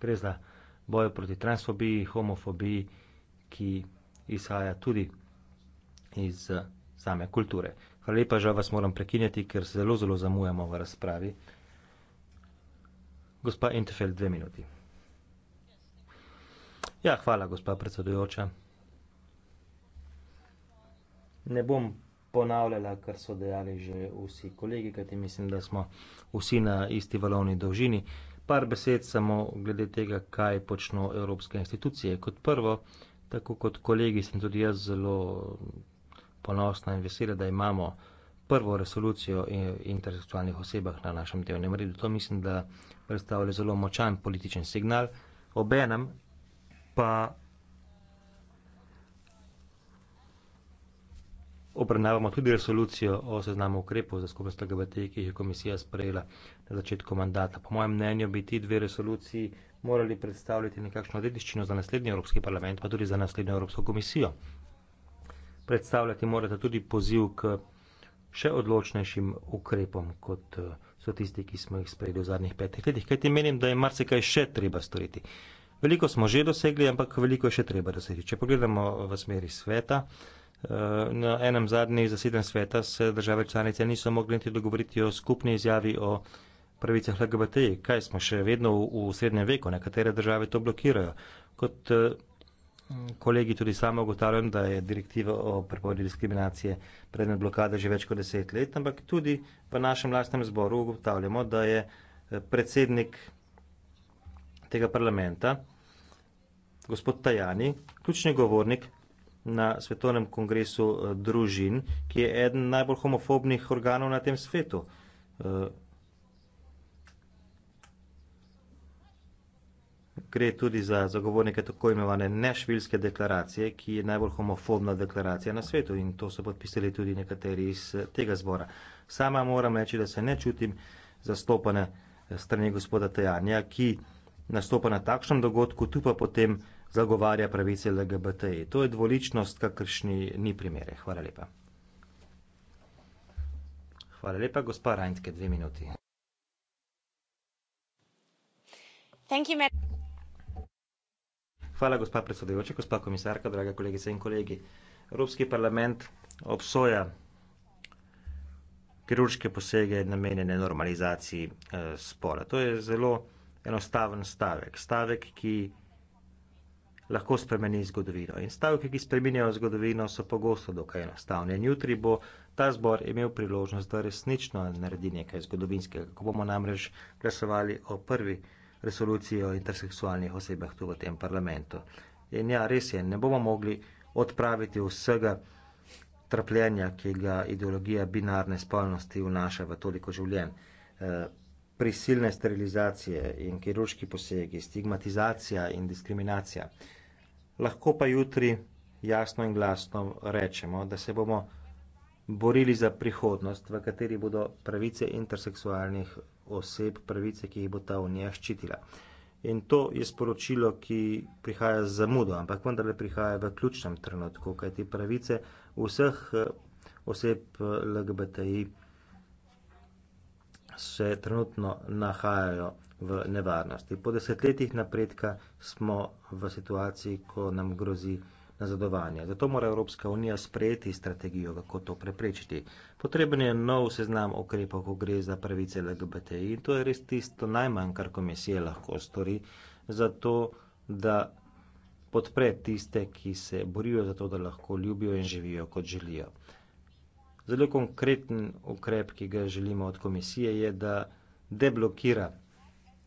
gre za boj proti transfobiji, homofobiji, ki izhaja tudi iz eh, same kulture. Hvala lepa, žal vas moram prekinjati, ker se zelo, zelo zamujamo v razpravi. Gospa Entefeld, dve minuti. Ja, hvala, gospa predsedujoča. Ne bom ponavljala, kar so dejali že vsi kolegi, kajti mislim, da smo vsi na isti valovni dolžini par besed samo glede tega, kaj počno evropske institucije. Kot prvo, tako kot kolegi, sem tudi jaz zelo ponosna in vesela, da imamo prvo resolucijo o interseksualnih osebah na našem dnevnem redu. To mislim, da predstavlja zelo močan političen signal. Obenem pa obravnavamo tudi resolucijo o seznamu ukrepov za skupnost LGBT, ki jih je komisija sprejela na začetku mandata. Po mojem mnenju bi ti dve resoluciji morali predstavljati nekakšno dediščino za naslednji Evropski parlament, pa tudi za naslednjo Evropsko komisijo. Predstavljati morate tudi poziv k še odločnejšim ukrepom, kot eh, so tisti, ki smo jih sprejeli v zadnjih petih letih, kajti menim, da je marsikaj še treba storiti. Veliko smo že dosegli, ampak veliko je še treba doseči. Če pogledamo v smeri sveta, eh, na enem zadnjih zasedanj sveta se države članice niso mogli niti dogovoriti o skupni izjavi o pravicah LGBT, kaj smo še vedno v, v srednjem veku, nekatere države to blokirajo. Kot eh, kolegi tudi samo ugotavljam, da je direktiva o prepovedi diskriminacije predmet blokade že več kot deset let, ampak tudi v našem lastnem zboru ugotavljamo, da je eh, predsednik tega parlamenta, gospod Tajani, ključni govornik na Svetovnem kongresu eh, družin, ki je eden najbolj homofobnih organov na tem svetu. gre tudi za zagovornike tako imenovane nešvilske deklaracije, ki je najbolj homofobna deklaracija na svetu in to so podpisali tudi nekateri iz tega zbora. Sama moram reči, da se ne čutim zastopane eh, strani gospoda Tajanja, ki nastopa na takšnem dogodku, tu pa potem zagovarja pravice LGBT. To je dvoličnost, kakršni ni primere. Hvala lepa. Hvala lepa, gospa Rajnske, dve minuti. Thank you, Matt. Hvala, gospa predsedujoča, gospa komisarka, draga kolegice in kolegi. Evropski parlament obsoja kirurške posege namenjene normalizaciji eh, spola. To je zelo enostaven stavek. Stavek, ki lahko spremeni zgodovino. In stavke, ki spreminjajo zgodovino, so pogosto dokaj enostavne. In jutri bo ta zbor imel priložnost, da resnično naredi nekaj zgodovinskega, ko bomo namreč glasovali o prvi resoluciji o interseksualnih osebah tu v tem parlamentu. In ja, res je, ne bomo mogli odpraviti vsega trpljenja, ki ga ideologija binarne spolnosti vnaša v toliko življenj. E, prisilne sterilizacije in kirurški posegi, stigmatizacija in diskriminacija. Lahko pa jutri jasno in glasno rečemo, da se bomo borili za prihodnost, v kateri bodo pravice interseksualnih oseb, pravice, ki jih bo ta unija ščitila. In to je sporočilo, ki prihaja z zamudo, ampak vendarle prihaja v ključnem trenutku, kajti pravice vseh eh, oseb eh, LGBTI se trenutno nahajajo v nevarnosti. Po desetletjih napredka smo v situaciji, ko nam grozi nazadovanja. Zato mora Evropska unija sprejeti strategijo, kako to preprečiti. Potreben je nov seznam okrepov, ko gre za pravice LGBTI in to je res tisto najmanj, kar komisija lahko stori, zato da podpre tiste, ki se borijo za to, da lahko ljubijo in živijo, kot želijo. Zelo konkreten ukrep, ki ga želimo od komisije, je, da deblokira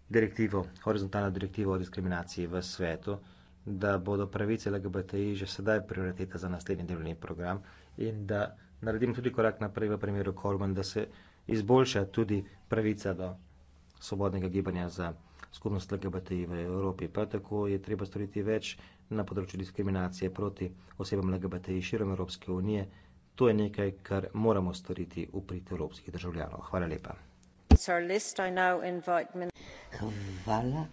direktivo, horizontalno direktivo o diskriminaciji v svetu da bodo pravice LGBTI že sedaj prioriteta za naslednji delovni program in da naredim tudi korak naprej v primeru Kolman, da se izboljša tudi pravica do svobodnega gibanja za skupnost LGBTI v Evropi. Prav tako je treba storiti več na področju diskriminacije proti osebam LGBTI širom Evropske unije. To je nekaj, kar moramo storiti v prid evropskih državljanov. Hvala lepa. Hvala.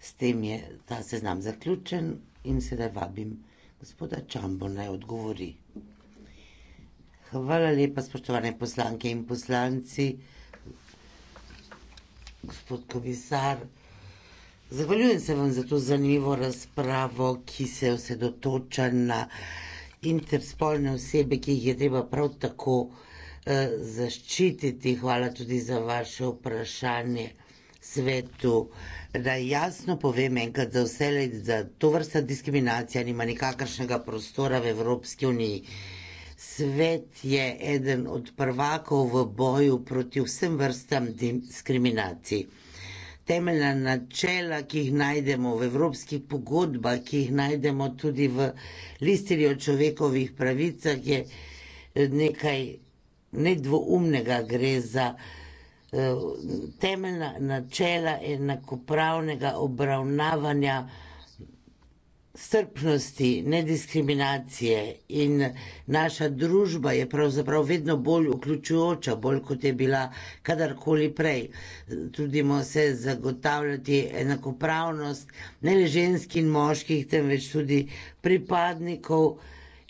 S tem je ta seznam zaključen in sedaj vabim gospoda Čambo naj odgovori. Hvala lepa, spoštovane poslanke in poslanci, gospod komisar. Zahvaljujem se vam za to zanimivo razpravo, ki se osredotoča na interspolne osebe, ki jih je treba prav tako eh, zaščititi. Hvala tudi za vaše vprašanje svetu da jasno povem enkrat za vse, da to vrsta diskriminacija nima nikakršnega prostora v Evropski uniji. Svet je eden od prvakov v boju proti vsem vrstam diskriminacij. Temeljna načela, ki jih najdemo v evropskih pogodbah, ki jih najdemo tudi v listini o človekovih pravicah, je nekaj nedvoumnega, gre za Eh, temeljna načela enakopravnega obravnavanja strpnosti, nediskriminacije in naša družba je pravzaprav vedno bolj vključujoča, bolj kot je bila kadarkoli prej. Trudimo se zagotavljati enakopravnost ne le žensk in moških, temveč tudi pripadnikov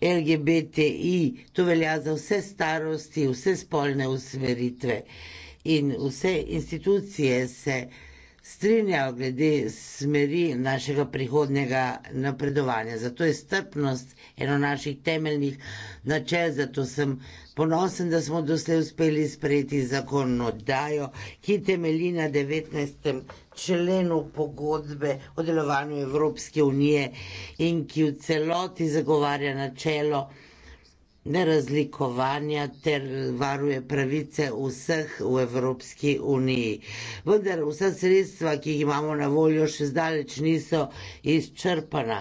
LGBTI. To velja za vse starosti, vse spolne usmeritve in vse institucije se strinjajo glede smeri našega prihodnega napredovanja. Zato je strpnost eno naših temeljnih načel, zato sem ponosen, da smo doslej uspeli sprejeti zakonodajo, ki temelji na 19. členu pogodbe o delovanju Evropske unije in ki v celoti zagovarja načelo nerazlikovanja ter varuje pravice vseh v Evropski uniji. Vendar vsa sredstva, ki jih imamo na voljo, še zdaleč niso izčrpana.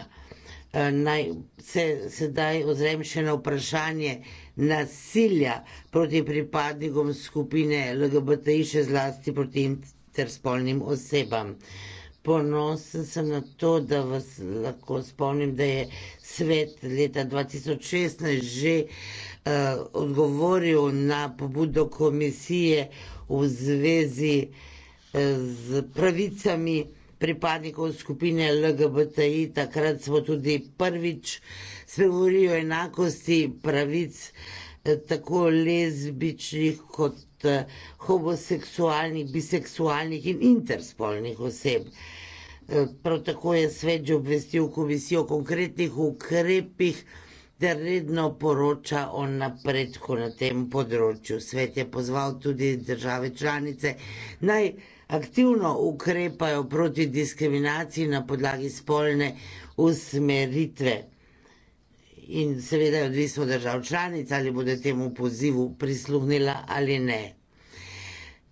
Eh, naj se sedaj ozrem še na vprašanje nasilja proti pripadnikom skupine LGBTI, še zlasti proti interspolnim osebam ponosen sem na to, da vas lahko spomnim, da je svet leta 2016 že uh, odgovoril na pobudo komisije v zvezi uh, eh, z pravicami pripadnikov skupine LGBTI. Takrat smo tudi prvič spregovorili o enakosti pravic uh, Eh, tako lezbičnih kot eh, homoseksualnih, biseksualnih in interspolnih oseb. Eh, prav tako je svet že obvestil komisijo o konkretnih ukrepih, da redno poroča o napredku na tem področju. Svet je pozval tudi države članice naj aktivno ukrepajo proti diskriminaciji na podlagi spolne usmeritve in seveda je odvisno držav članic, ali bodo temu pozivu prisluhnila ali ne.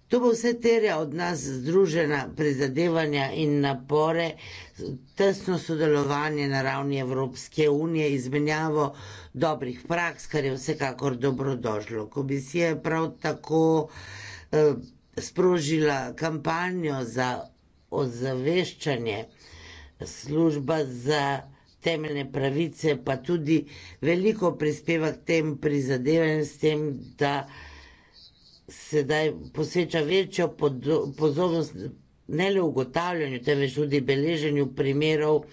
To bo vse terja od nas združena prizadevanja in napore, tesno sodelovanje na ravni Evropske unije, izmenjavo dobrih praks, kar je vsekakor dobrodošlo. Komisija je prav tako eh, sprožila kampanjo za ozaveščanje služba za temeljne pravice, pa tudi veliko prispeva k tem prizadevanjem, s tem, da se zdaj posveča večjo pozornost ne le ugotavljanju, temveč tudi beleženju primerov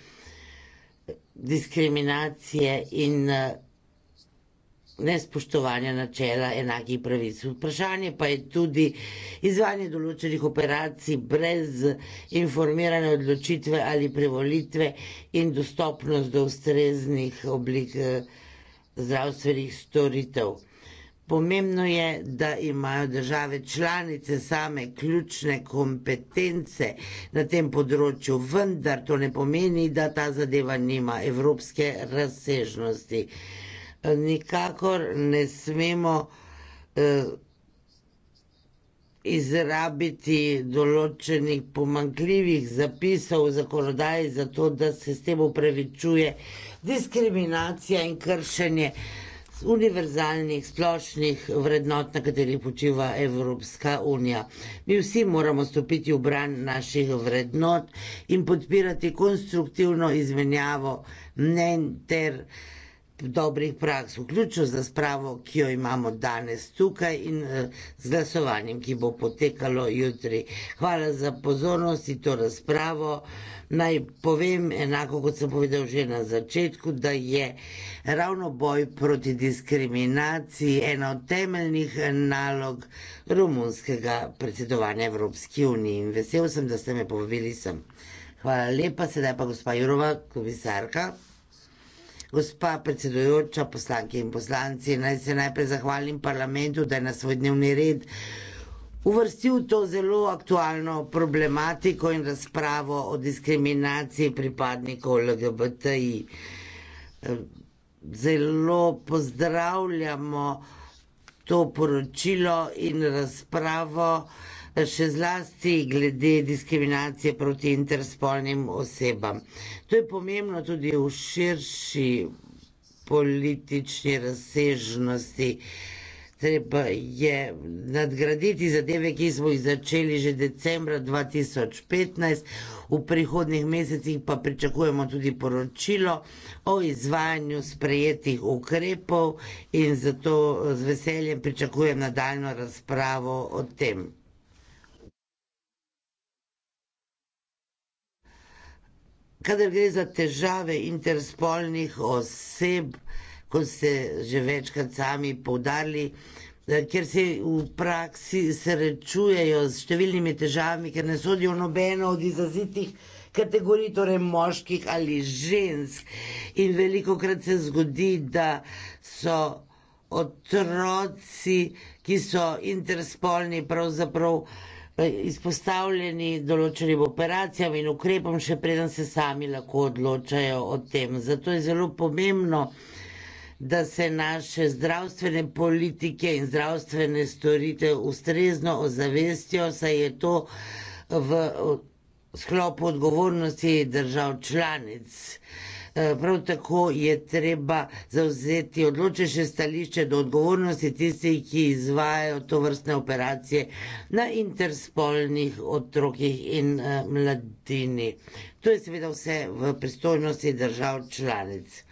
diskriminacije in uh, nespoštovanja načela enakih pravic. Vprašanje pa je tudi izvajanje določenih operacij brez informirane odločitve ali prevolitve in dostopnost do ustreznih oblik eh, zdravstvenih storitev. Pomembno je, da imajo države članice same ključne kompetence na tem področju, vendar to ne pomeni, da ta zadeva nima evropske razsežnosti nikakor ne smemo eh, izrabiti določenih pomankljivih zapisov v zakonodaji za to, da se s tem upravičuje diskriminacija in kršenje univerzalnih, splošnih vrednot, na katerih počiva Evropska unija. Mi vsi moramo stopiti v bran naših vrednot in podpirati konstruktivno izmenjavo mnen ter dobrih praks, vključno z razpravo, ki jo imamo danes tukaj in eh, z glasovanjem, ki bo potekalo jutri. Hvala za pozornost in to razpravo. Naj povem, enako kot sem povedal že na začetku, da je ravno boj proti diskriminaciji ena od temeljnih eh, nalog romunskega predsedovanja Evropski uniji. In vesel sem, da ste me povabili sem. Hvala lepa, sedaj pa gospa Jurova, komisarka. Gospa predsedujoča, poslanke in poslanci, naj se najprej zahvalim parlamentu, da je na svoj dnevni red uvrstil to zelo aktualno problematiko in razpravo o diskriminaciji pripadnikov LGBTI. Zelo pozdravljamo to poročilo in razpravo, še zlasti glede diskriminacije proti interspolnim osebam. To je pomembno tudi v širši politični razsežnosti. Treba je nadgraditi zadeve, ki smo jih začeli že decembra 2015, v prihodnih mesecih pa pričakujemo tudi poročilo o izvajanju sprejetih ukrepov in zato z veseljem pričakujem nadaljno razpravo o tem. kadar gre za težave interspolnih oseb, kot ste že večkrat sami povdarili, eh, ker se v praksi srečujejo s številnimi težavami, ker ne sodijo nobeno od izrazitih kategorij, torej moških ali žensk. In veliko krat se zgodi, da so otroci, ki so interspolni, pravzaprav Eh, izpostavljeni določenim operacijam in ukrepom, še preden se sami lahko odločajo o tem. Zato je zelo pomembno, da se naše zdravstvene politike in zdravstvene storitve ustrezno ozavestijo, saj je to v sklopu odgovornosti držav članic. Eh, prav tako je treba zauzeti odločnejše stališče do odgovornosti tistih, ki izvajajo to vrstne operacije na interspolnih otrokih in eh, mladini. To je seveda vse v pristojnosti držav članic.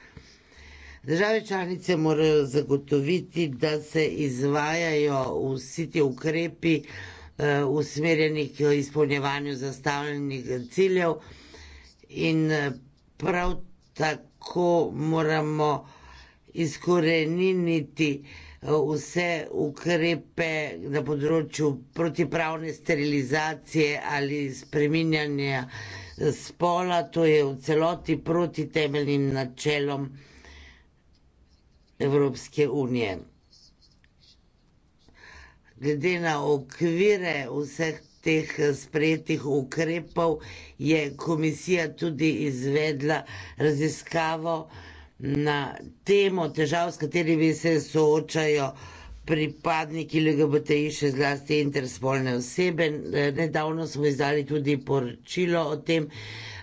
Države članice morajo zagotoviti, da se izvajajo vsi ti ukrepi eh, usmerjeni k izpolnjevanju zastavljenih ciljev in eh, prav tako moramo izkoreniniti eh, vse ukrepe na področju protipravne sterilizacije ali spreminjanja eh, spola, to je v celoti proti temeljnim načelom Evropske unije. Glede na okvire vseh teh eh, sprejetih ukrepov je komisija tudi izvedla raziskavo na temo težav, s katerimi se soočajo pripadniki LGBTI, še zlasti interspolne osebe. Nedavno smo izdali tudi poročilo o tem,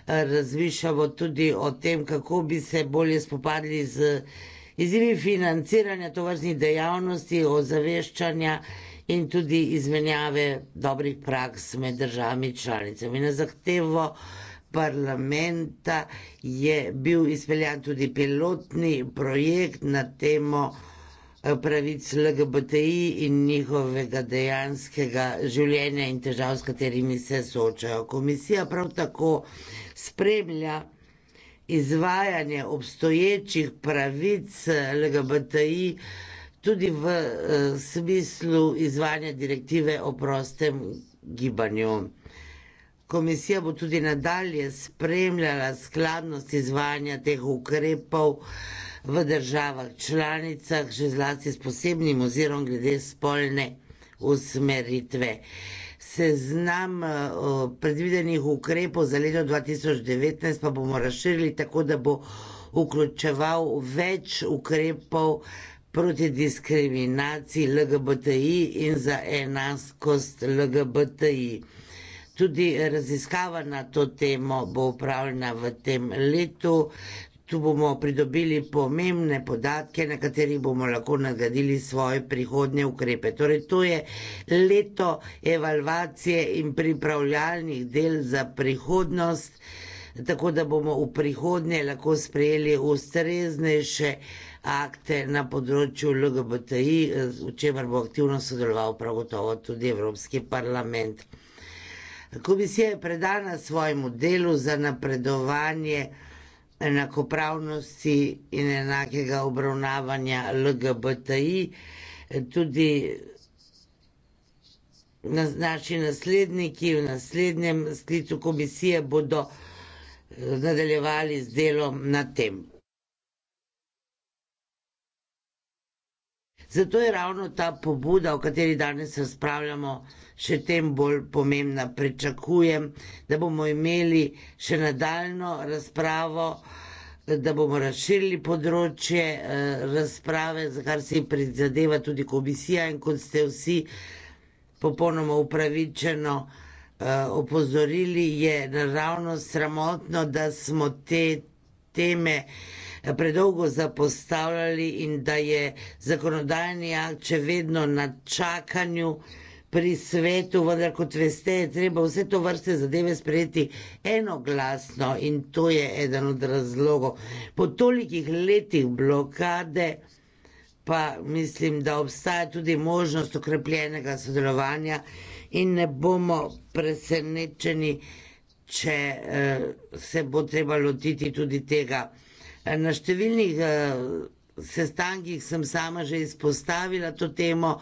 razmišljamo tudi o tem, kako bi se bolje spopadli z izzivi financiranja tovrstnih dejavnosti, ozaveščanja in tudi izmenjave dobrih praks med državami članicami. Na zahtevo parlamenta je bil izpeljan tudi pilotni projekt na temo eh, pravic LGBTI in njihovega dejanskega življenja in težav, s katerimi se soočajo. Komisija prav tako spremlja izvajanje obstoječih pravic LGBTI tudi v uh, smislu izvanja direktive o prostem gibanju. Komisija bo tudi nadalje spremljala skladnost izvanja teh ukrepov v državah članicah, že zlasti s posebnim ozirom glede spolne usmeritve. Seznam eh, predvidenih ukrepov za leto 2019 pa bomo razširili tako, da bo vključeval več ukrepov proti diskriminaciji LGBTI in za enakost LGBTI. Tudi raziskava na to temo bo upravljena v tem letu. Tu bomo pridobili pomembne podatke, na katerih bomo lahko nagradili svoje prihodnje ukrepe. Torej, to je leto evalvacije in pripravljalnih del za prihodnost, tako da bomo v prihodnje lahko sprejeli ustreznejše akte na področju LGBTI, eh, v čemer bo aktivno sodeloval prav gotovo tudi Evropski parlament. Komisija je predana svojemu delu za napredovanje enakopravnosti in enakega obravnavanja LGBTI. Tudi na naši nasledniki v naslednjem sklicu komisije bodo eh, nadaljevali z delom na tem Zato je ravno ta pobuda, o kateri danes razpravljamo, še tem bolj pomembna. Pričakujem, da bomo imeli še nadaljno razpravo, da bomo razširili področje eh, razprave, za kar se prizadeva tudi komisija in kot ste vsi popolnoma upravičeno eh, opozorili, je naravno sramotno, da smo te teme predolgo zapostavljali in da je zakonodajni akt še vedno na čakanju pri svetu, vendar kot veste, je treba vse to vrste zadeve sprejeti enoglasno in to je eden od razlogov. Po tolikih letih blokade pa mislim, da obstaja tudi možnost okrepljenega sodelovanja in ne bomo presenečeni, če eh, se bo treba lotiti tudi tega Na številnih eh, sestankih sem sama že izpostavila to temo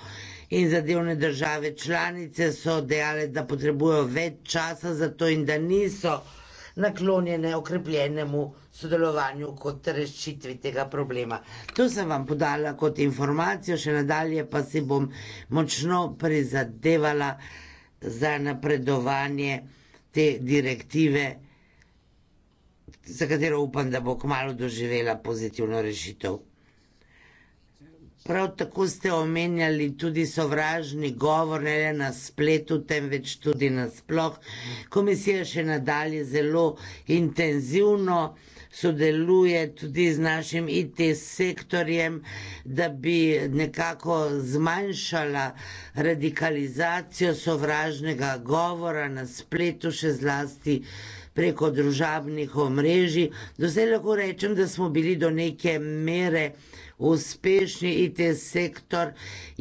in zadevne države članice so dejale, da potrebujo več časa za to in da niso naklonjene okrepljenemu sodelovanju kot rešitvi tega problema. To sem vam podala kot informacijo, še nadalje pa si bom močno prizadevala za napredovanje te direktive za katero upam, da bo kmalo doživela pozitivno rešitev. Prav tako ste omenjali tudi sovražni govor, ne le na spletu, temveč tudi na sploh. Komisija še nadalje zelo intenzivno sodeluje tudi z našim IT sektorjem, da bi nekako zmanjšala radikalizacijo sovražnega govora na spletu, še zlasti preko družabnih omrežij. Do zdaj lahko rečem, da smo bili do neke mere uspešni in te sektor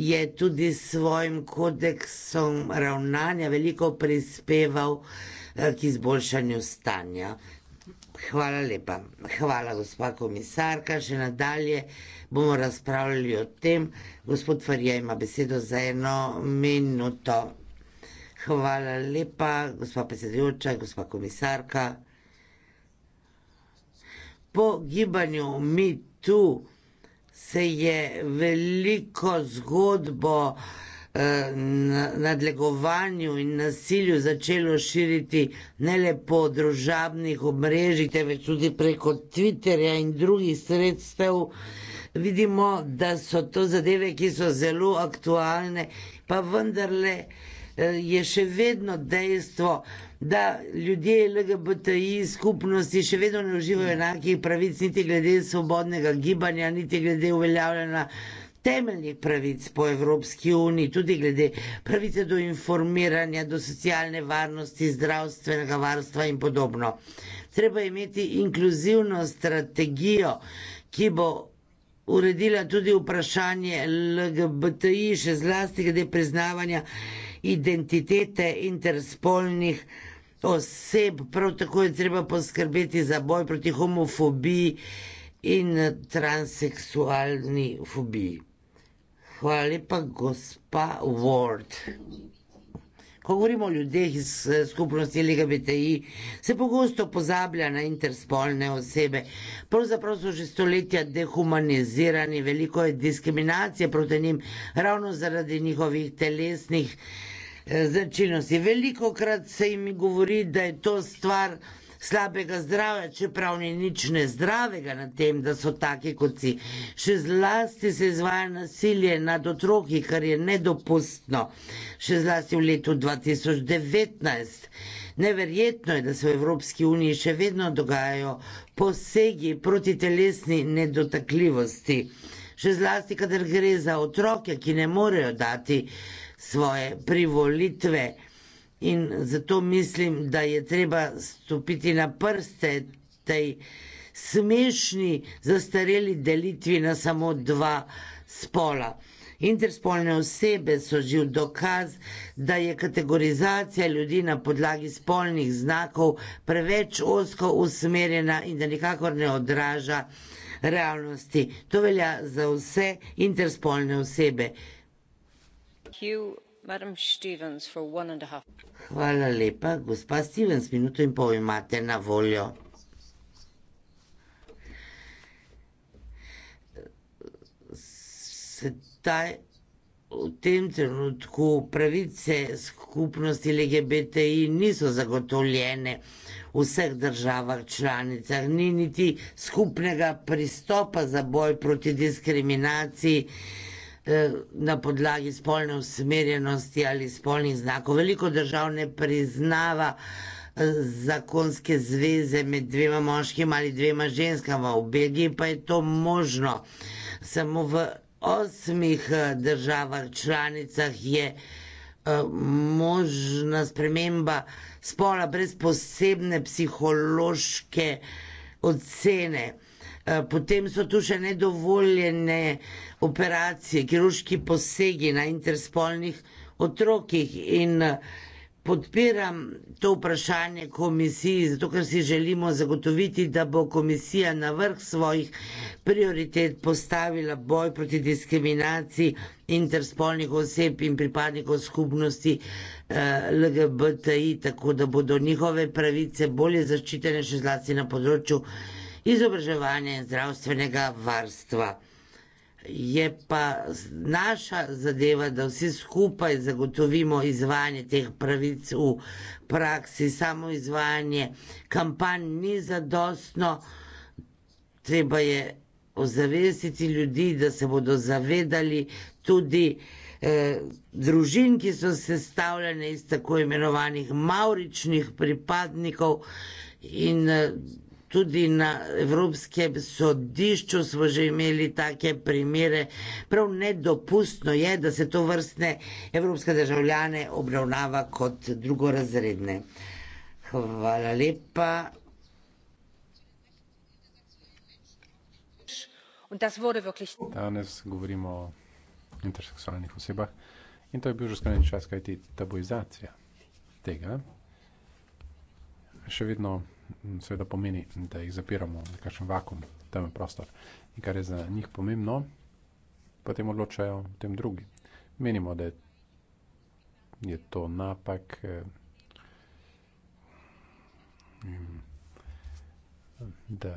je tudi s svojim kodeksom ravnanja veliko prispeval eh, k izboljšanju stanja. Hvala lepa. Hvala, gospa komisarka. Še nadalje bomo razpravljali o tem. Gospod Farija ima besedo za eno minuto. Hvala lepa, gospa predsedujoča, gospa komisarka. Po gibanju MeToo se je veliko zgodbo eh, nadlegovanju in nasilju začelo širiti ne le po družabnih omrežjih, temveč tudi preko Twitterja in drugih sredstev. Vidimo, da so to zadeve, ki so zelo aktualne, pa vendarle Eh, je še vedno dejstvo, da ljudje LGBTI skupnosti še vedno ne uživajo enakih pravic, niti glede svobodnega gibanja, niti glede uveljavljanja temeljnih pravic po Evropski uniji, tudi glede pravice do informiranja, do socialne varnosti, zdravstvenega varstva in podobno. Treba imeti inkluzivno strategijo, ki bo uredila tudi vprašanje LGBTI, še zlasti glede priznavanja identitete interspolnih oseb, prav tako je treba poskrbeti za boj proti homofobiji in transseksualni fobiji. Hvala lepa, gospa Ward. Ko govorimo o ljudeh iz eh, skupnosti LGBTI, se pogosto pozablja na interspolne osebe. Pravzaprav so že stoletja dehumanizirani, veliko je diskriminacije proti njim, ravno zaradi njihovih telesnih Eh, značilnosti. Veliko krat se jim govori, da je to stvar slabega zdravja, čeprav ni nič nezdravega na tem, da so taki kot si. Še zlasti se izvaja nasilje nad otroki, kar je nedopustno. Še zlasti v letu 2019. Neverjetno je, da se v Evropski uniji še vedno dogajajo posegi proti telesni nedotakljivosti. Še zlasti, kadar gre za otroke, ki ne morejo dati svoje privolitve. In zato mislim, da je treba stopiti na prste tej smešni, zastareli delitvi na samo dva spola. Interspolne osebe so že v dokaz, da je kategorizacija ljudi na podlagi spolnih znakov preveč osko usmerjena in da nikakor ne odraža realnosti. To velja za vse interspolne osebe. Hvala lepa. Gospa Stevens, minuto in pol imate na voljo. Sedaj v tem trenutku pravice skupnosti LGBTI niso zagotovljene v vseh državah članicah, ni niti skupnega pristopa za boj proti diskriminaciji. Uh, Eh, na podlagi spolne usmerjenosti ali spolnih znakov. Veliko držav ne priznava eh, zakonske zveze med dvema moškima ali dvema ženskama. V Belgiji pa je to možno. Samo v osmih eh, državah članicah je možna sprememba spola brez posebne psihološke ocene. Eh, potem so tu še nedovoljene operacije, kirurški posegi na interspolnih otrokih in eh, podpiram to vprašanje komisiji, zato ker si želimo zagotoviti, da bo komisija na vrh svojih prioritet postavila boj proti diskriminaciji interspolnih oseb in pripadnikov skupnosti eh, LGBTI, tako da bodo njihove pravice bolje zaščitene še zlasti na področju izobraževanja in zdravstvenega varstva. Je pa naša zadeva, da vsi skupaj zagotovimo izvajanje teh pravic v praksi, samo izvajanje kampanj ni zadostno, treba je ozavestiti ljudi, da se bodo zavedali tudi eh, družin, ki so sestavljene iz tako imenovanih mauričnih pripadnikov in eh, tudi na Evropskem sodišču smo že imeli take primere. Prav nedopustno je, da se to vrstne evropske državljane obravnava kot drugorazredne. Hvala lepa. Danes govorimo o interseksualnih osebah in to je bil že skrajni čas, kajti tabuizacija tega še vedno seveda pomeni, da jih zapiramo v nekakšen vakum, temen prostor. In kar je za njih pomembno, potem odločajo tem drugi. Menimo, da je to napak. Eh, da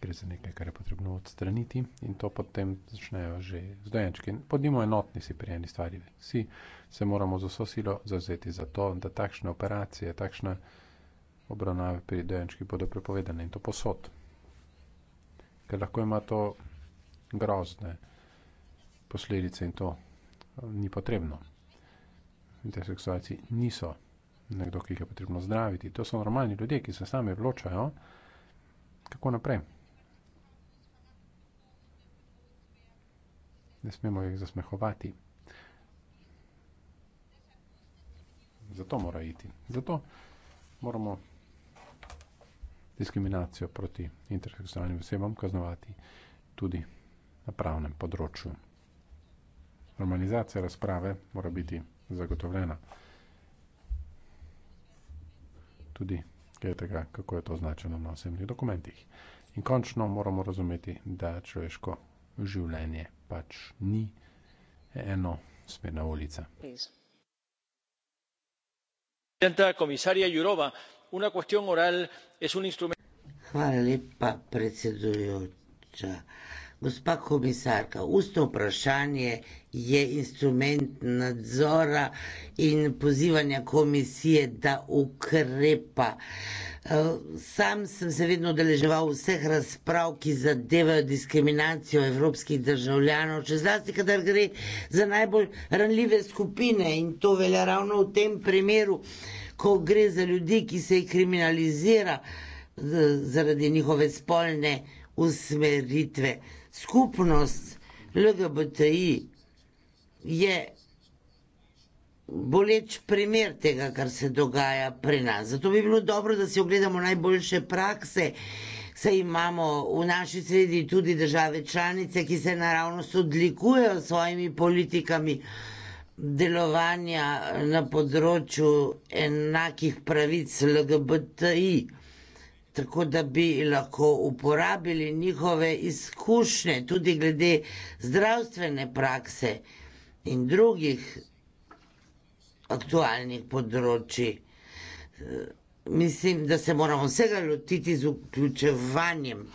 gre za nekaj, kar je potrebno odstraniti, in to potem začnejo že zdajčki. Podnimo enotni si pri eni stvari. Vsi se moramo z vso silo zauzeti za to, da takšne operacije, takšne obravnave pri dojenčki bodo prepovedane in to posod. Ker lahko ima to grozne posledice in to ni potrebno. Interseksualci niso nekdo, ki jih je potrebno zdraviti. To so normalni ljudje, ki se sami odločajo, kako naprej. Ne smemo jih zasmehovati. Zato mora iti. Zato moramo diskriminacijo proti interseksualnim osebam kaznovati tudi na pravnem področju. Normalizacija razprave mora biti zagotovljena. Tudi glede tega, kako je to označeno na osebnih dokumentih. In končno moramo razumeti, da človeško življenje pač ni eno smerna ulica. Please. Presidenta komisarja Jurova, una cuestión oral es un instrumento. Hvala lepa, predsedujoča. Gospa komisarka, ustno vprašanje je instrument nadzora in pozivanja komisije, da ukrepa. Eh, sam sem se vedno deleževal vseh razprav, ki zadevajo diskriminacijo evropskih državljanov, če zlasti, kadar gre za najbolj ranljive skupine in to velja ravno v tem primeru ko gre za ljudi, ki se jih kriminalizira zaradi njihove spolne usmeritve. Skupnost LGBTI je boleč primer tega, kar se dogaja pri nas. Zato bi bilo dobro, da si ogledamo najboljše prakse, saj imamo v naši sredi tudi države članice, ki se naravno odlikujejo s svojimi politikami delovanja na področju enakih pravic LGBTI, tako da bi lahko uporabili njihove izkušnje tudi glede zdravstvene prakse in drugih aktualnih področji. Mislim, da se moramo vsega lotiti z vključevanjem.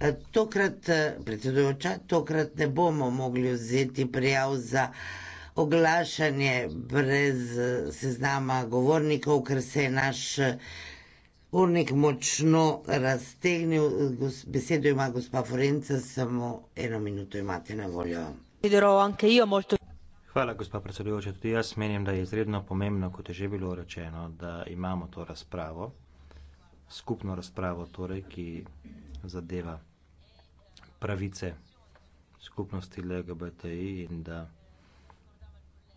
Eh, tokrat, eh, predsedujoča, tokrat ne bomo mogli vzeti prijav za oglašanje brez eh, seznama govornikov, ker se je naš urnik močno raztegnil. Besedo ima gospa Forenca, samo eno minuto imate na voljo. Hvala, gospa predsedujoča. Tudi jaz menim, da je izredno pomembno, kot je že bilo rečeno, da imamo to razpravo, skupno razpravo, torej, ki zadeva pravice skupnosti LGBTI in da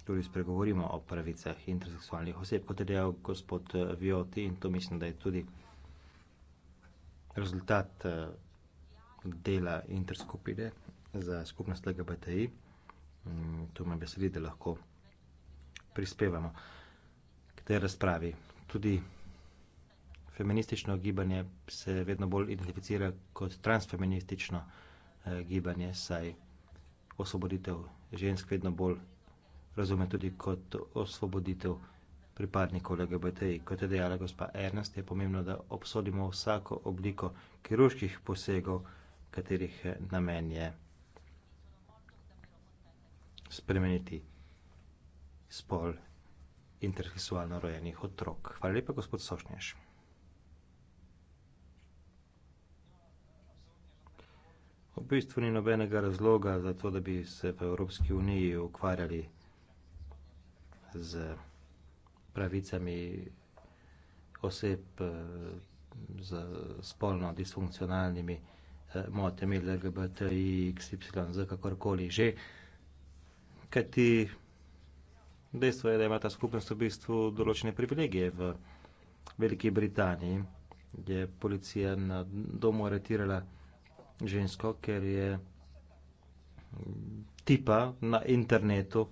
tudi spregovorimo o pravicah interseksualnih oseb, kot je dejal gospod Vioti in to mislim, da je tudi rezultat eh, dela interskupine za skupnost LGBTI. Mm, to me veseli, da lahko prispevamo k tej razpravi. Tudi feministično gibanje se vedno bolj identificira kot transfeministično eh, gibanje, saj osvoboditev žensk vedno bolj razume tudi kot osvoboditev pripadnikov LGBTI. Kot je dejala gospa Ernest, je pomembno, da obsodimo vsako obliko kirurških posegov, katerih eh, namen je spremeniti spol interseksualno rojenih otrok. Hvala lepa, gospod Sošnješ. V bistvu ni nobenega razloga za to, da bi se v Evropski uniji ukvarjali z pravicami oseb eh, z spolno disfunkcionalnimi eh, motnjami LGBTI, XYZ, kakorkoli že, kajti dejstvo je, da ima ta skupnost v bistvu določene privilegije v Veliki Britaniji, je policija na domu aretirala žensko, ker je tipa na internetu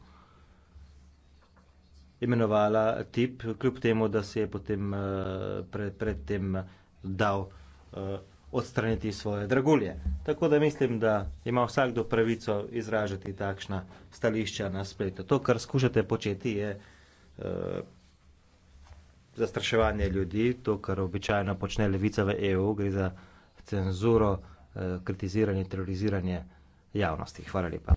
imenovala tip, kljub temu, da se je potem eh, pred, pred tem eh, dal eh, odstraniti svoje dragulje. Tako da mislim, da ima vsakdo pravico izražati takšna stališča na spletu. To, kar skušate početi, je zastraševanje ljudi, to, kar običajno počne levica v EU, gre za cenzuro eh, kritiziranje in teroriziranje javnosti. Hvala lepa.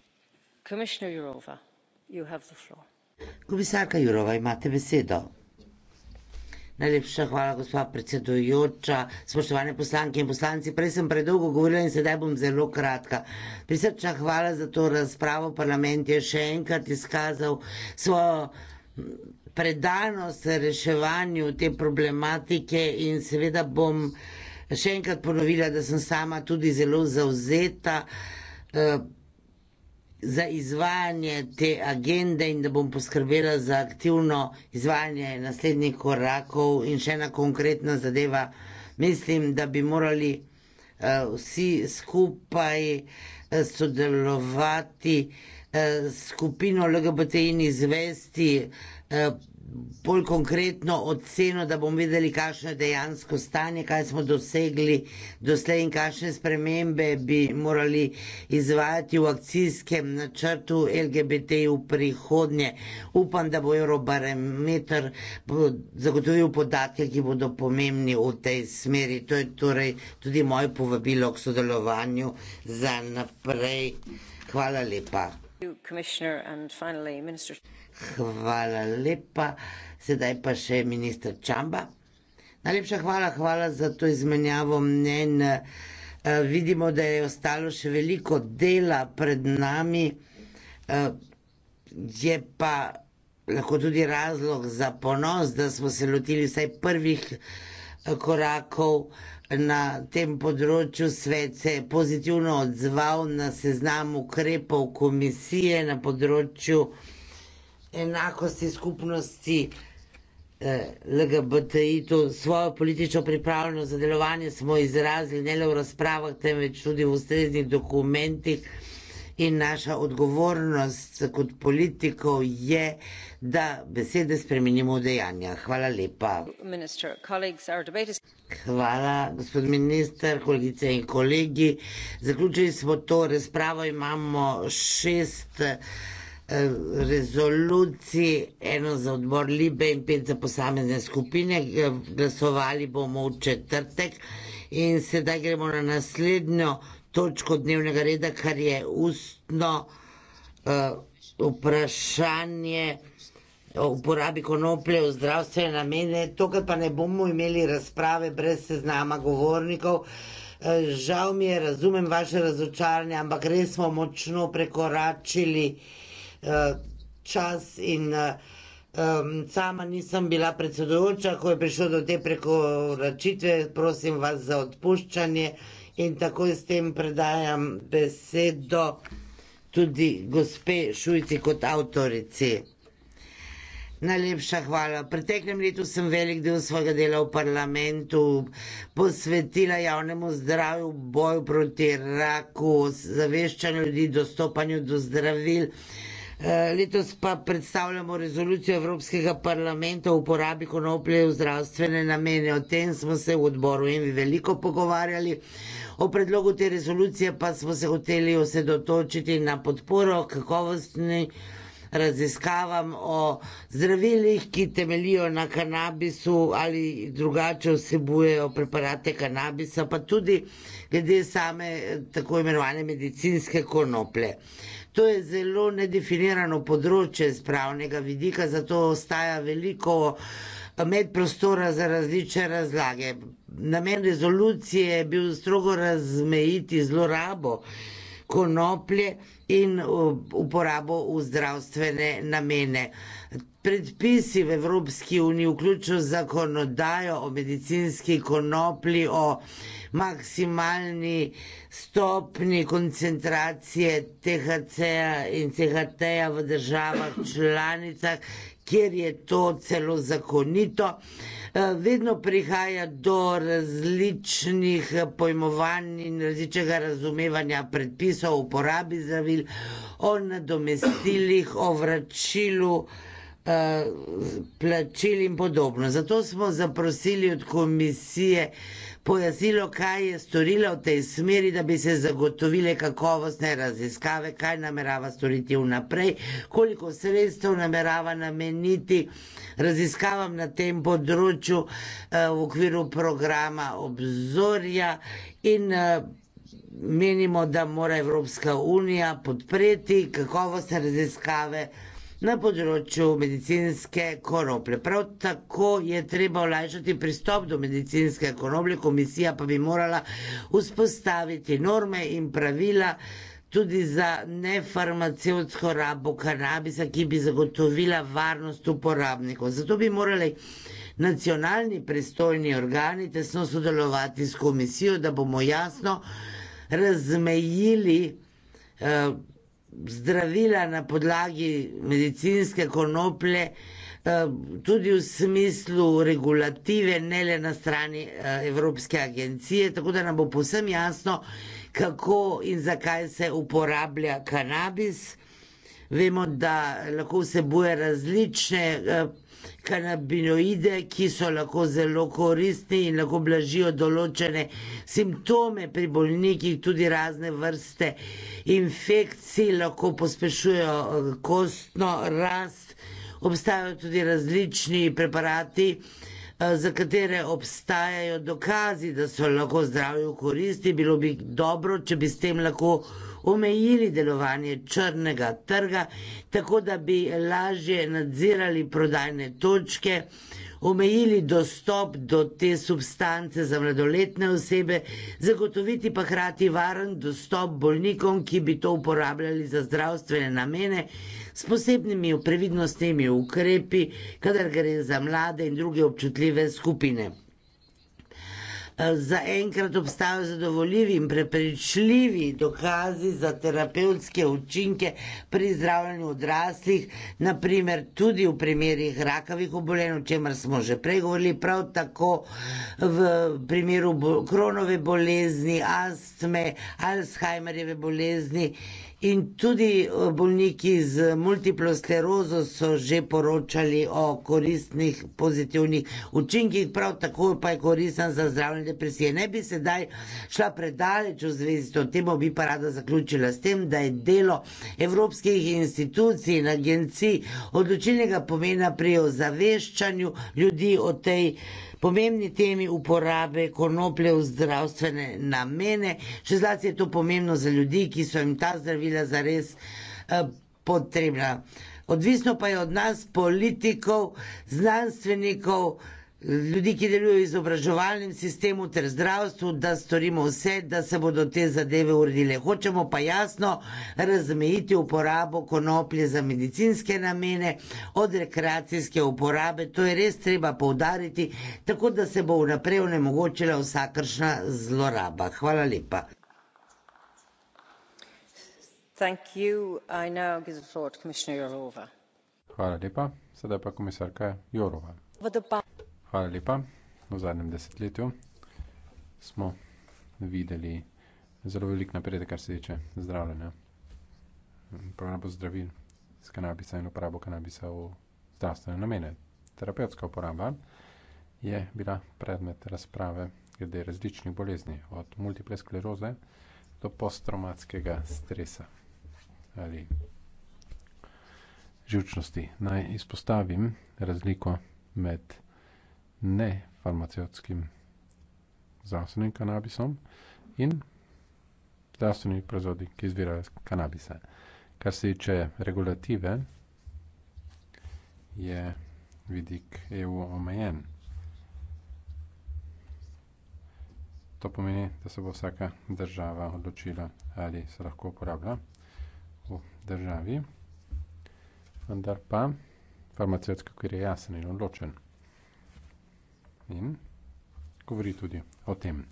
Komisarka Jurova, imate besedo. Najlepša hvala, gospa predsedujoča. Spoštovane poslanke in poslanci, prej sem predolgo govorila in sedaj bom zelo kratka. Prisrčna hvala za to razpravo. Parlament je še enkrat izkazal svojo predanost reševanju te problematike in seveda bom še enkrat ponovila, da sem sama tudi zelo zauzeta eh, za izvajanje te agende in da bom poskrbela za aktivno izvajanje naslednjih korakov in še ena konkretna zadeva. Mislim, da bi morali eh, vsi skupaj eh, sodelovati, eh, skupino LGBT in izvesti. Eh, bolj konkretno oceno, da bomo videli, kakšno je dejansko stanje, kaj smo dosegli doslej in kakšne spremembe bi morali izvajati v akcijskem načrtu LGBT v prihodnje. Upam, da bo Eurobarometer zagotovil podatke, ki bodo pomembni v tej smeri. To je torej tudi moje povabilo k sodelovanju za naprej. Hvala lepa. Thank you, Hvala lepa. Sedaj pa še minister Čamba. Najlepša hvala, hvala za to izmenjavo mnen. Eh, vidimo, da je ostalo še veliko dela pred nami, eh, je pa lahko tudi razlog za ponos, da smo se lotili vsaj prvih eh, korakov na tem področju. Svet se je pozitivno odzval na seznam ukrepov komisije na področju enakosti skupnosti eh, LGBTI, to svojo politično pripravljeno za delovanje smo izrazili ne le v razpravah, temveč tudi v ustreznih dokumentih. In naša odgovornost kot politikov je, da besede spremenimo v dejanja. Hvala lepa. Hvala, gospod minister, kolegice in kolegi. Zaključili smo to razpravo, imamo šest. Eh, rezoluciji, eno za odbor Libe in pet za posamezne skupine. Eh, glasovali bomo v četrtek in sedaj gremo na naslednjo točko dnevnega reda, kar je ustno uh, vprašanje o uporabi konoplje v zdravstvene namene. Tokrat pa ne bomo imeli razprave brez seznama govornikov. Žal mi je, razumem vaše razočaranje, ampak res smo močno prekoračili uh, Eh, čas in um, sama nisem bila predsedujoča, ko je prišlo do te prekoračitve, prosim vas za odpuščanje in takoj s tem predajam besedo tudi gospe Šujci kot avtorici. Najlepša hvala. V preteklem letu sem velik del svojega dela v parlamentu posvetila javnemu zdravju, boju proti raku, zaveščanju ljudi, dostopanju do zdravil. Eh, letos pa predstavljamo rezolucijo Evropskega parlamenta o uporabi konoplje v zdravstvene namene. O tem smo se v odboru in veliko pogovarjali. O predlogu te rezolucije pa smo se hoteli osredotočiti na podporo kakovostni raziskavam o zdravilih, ki temelijo na kanabisu ali drugače vsebujejo preparate kanabisa, pa tudi glede same tako imenovane medicinske konoplje. To je zelo nedefinirano področje z pravnega vidika, zato ostaja veliko eh, medprostora za različne razlage. Namen rezolucije je bil strogo razmejiti zlorabo konoplje in eh, uporabo v zdravstvene namene. Predpisi v Evropski uniji, vključno zakonodajo o medicinski konoplji, o maksimalni eh, stopni koncentracije THC-ja in THT-ja v državah članicah, kjer je to celo zakonito. Eh, vedno prihaja do različnih pojmovanj in različnega razumevanja predpisov o uporabi zdravil, o nadomestilih, o vračilu, eh, plačil in podobno. Zato smo zaprosili od komisije, pojasnilo, kaj je storila v tej smeri, da bi se zagotovile kakovostne raziskave, kaj namerava storiti vnaprej, koliko sredstev namerava nameniti raziskavam na tem področju eh, v okviru programa obzorja in eh, menimo, da mora Evropska unija podpreti kakovostne raziskave na področju medicinske konoplje. Prav tako je treba olajšati pristop do medicinske konoplje, komisija pa bi morala vzpostaviti norme in pravila tudi za nefarmacevtsko rabo kanabisa, ki bi zagotovila varnost uporabnikov. Zato bi morali nacionalni pristojni organi tesno sodelovati s komisijo, da bomo jasno razmejili eh, zdravila na podlagi medicinske konoplje, eh, tudi v smislu regulative, ne le na strani eh, Evropske agencije, tako da nam bo povsem jasno, kako in zakaj se uporablja kanabis. Vemo, da lahko vsebuje različne eh, kanabinoide, ki so lahko zelo koristni in lahko blažijo določene simptome pri bolnikih, tudi razne vrste infekcij, lahko pospešujejo eh, kostno rast. Obstajajo tudi različni preparati, eh, za katere obstajajo dokazi, da so lahko zdravju koristi. Bilo bi dobro, če bi s tem lahko omejili delovanje črnega trga, tako da bi lažje nadzirali prodajne točke, omejili dostop do te substance za mladoletne osebe, zagotoviti pa hkrati varen dostop bolnikom, ki bi to uporabljali za zdravstvene namene, s posebnimi previdnostnimi ukrepi, kadar gre za mlade in druge občutljive skupine. Eh, zaenkrat obstajajo zadovoljivi in prepričljivi dokazi za terapevtske učinke pri zdravljenju odraslih, naprimer tudi v primerih rakavih obolenj, o čemer smo že prej govorili, prav tako v primeru bo kronove bolezni, astme, Alzheimerjeve bolezni. In tudi eh, bolniki z multiplo sklerozo so že poročali o koristnih pozitivnih učinkih, prav tako pa je koristen za zdravljenje depresije. Ne bi sedaj šla predaleč v zvezi s to temo, bi pa rada zaključila s tem, da je delo evropskih institucij in agencij odločilnega pomena pri ozaveščanju ljudi o tej pomembni temi uporabe konoplje v zdravstvene namene. Še zlasti je to pomembno za ljudi, ki so jim ta zdravila zares eh, potrebna. Odvisno pa je od nas, politikov, znanstvenikov, ljudi, ki delujejo v izobraževalnem sistemu ter zdravstvu, da storimo vse, da se bodo te zadeve uredile. Hočemo pa jasno razmejiti uporabo konoplje za medicinske namene od rekreacijske uporabe. To je res treba povdariti, tako da se bo vnaprej onemogočila vsakršna zloraba. Hvala lepa. Hvala lepa. Sedaj pa komisarka Jorova. Hvala lepa. V zadnjem desetletju smo videli zelo velik napredek, kar se tiče zdravljenja. Uporabo zdravil iz kanabisa in uporabo kanabisa v zdravstvene namene. Terapevtska uporaba je bila predmet razprave glede različnih bolezni, od multiple skleroze do posttraumatskega stresa ali živčnosti. Naj izpostavim razliko med nefarmaceutskim zdravstvenim kanabisom in zdravstveni proizvodi, ki izvirajo iz kanabisa. Kar se tiče regulative, je vidik EU omejen. To pomeni, da se bo vsaka država odločila, ali se lahko uporablja v državi, vendar pa farmacevtski okvir je jasen in odločen in govori tudi o tem.